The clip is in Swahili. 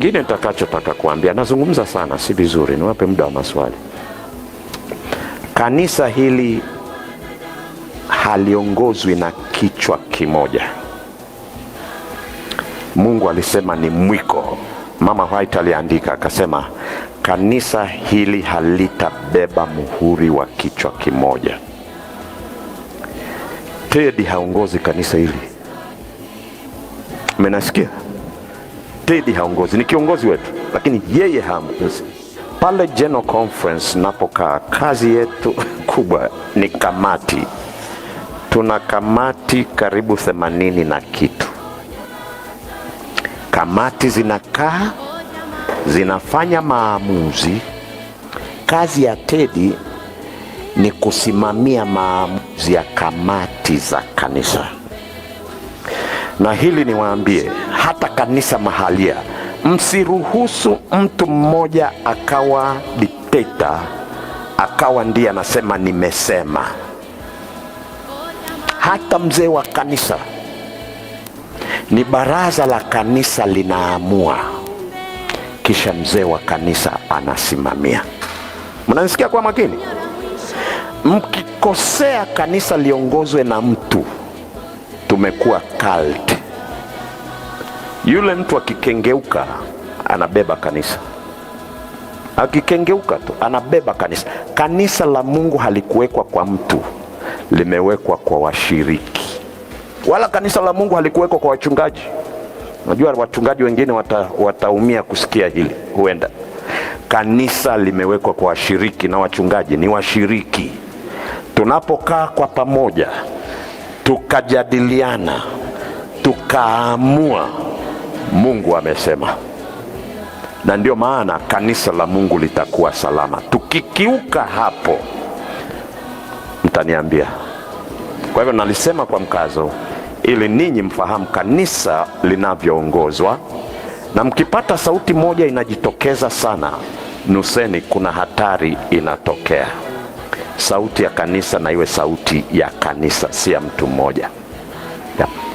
Kingine nitakachotaka kuambia, nazungumza sana, si vizuri, niwape muda wa maswali. Kanisa hili haliongozwi na kichwa kimoja. Mungu alisema ni mwiko. Mama White aliandika akasema, kanisa hili halitabeba muhuri wa kichwa kimoja. Tedi haongozi kanisa hili, menasikia Dede haongozi, ni kiongozi wetu, lakini yeye haongozi. Pale General Conference napokaa, kazi yetu kubwa ni kamati. Tuna kamati karibu themanini na kitu. Kamati zinakaa zinafanya maamuzi. Kazi ya Tedi ni kusimamia maamuzi ya kamati za kanisa. Na hili niwaambie, hata kanisa mahalia, msiruhusu mtu mmoja akawa dikteta, akawa ndiye anasema nimesema. Hata mzee wa kanisa ni baraza la kanisa linaamua, kisha mzee wa kanisa anasimamia. Mnanisikia kwa makini? Mkikosea kanisa liongozwe na mtu tumekuwa cult. Yule mtu akikengeuka anabeba kanisa, akikengeuka tu anabeba kanisa. Kanisa la Mungu halikuwekwa kwa mtu, limewekwa kwa washiriki. Wala kanisa la Mungu halikuwekwa kwa wachungaji. Najua wachungaji wengine wata, wataumia kusikia hili huenda. Kanisa limewekwa kwa washiriki, na wachungaji ni washiriki. Tunapokaa kwa pamoja tukajadiliana, tukaamua, Mungu amesema. Na ndio maana kanisa la Mungu litakuwa salama. Tukikiuka hapo, mtaniambia. Kwa hivyo nalisema kwa mkazo, ili ninyi mfahamu kanisa linavyoongozwa, na mkipata sauti moja inajitokeza sana, nuseni kuna hatari inatokea sauti ya kanisa na iwe sauti ya kanisa, si ya mtu mmoja yeah.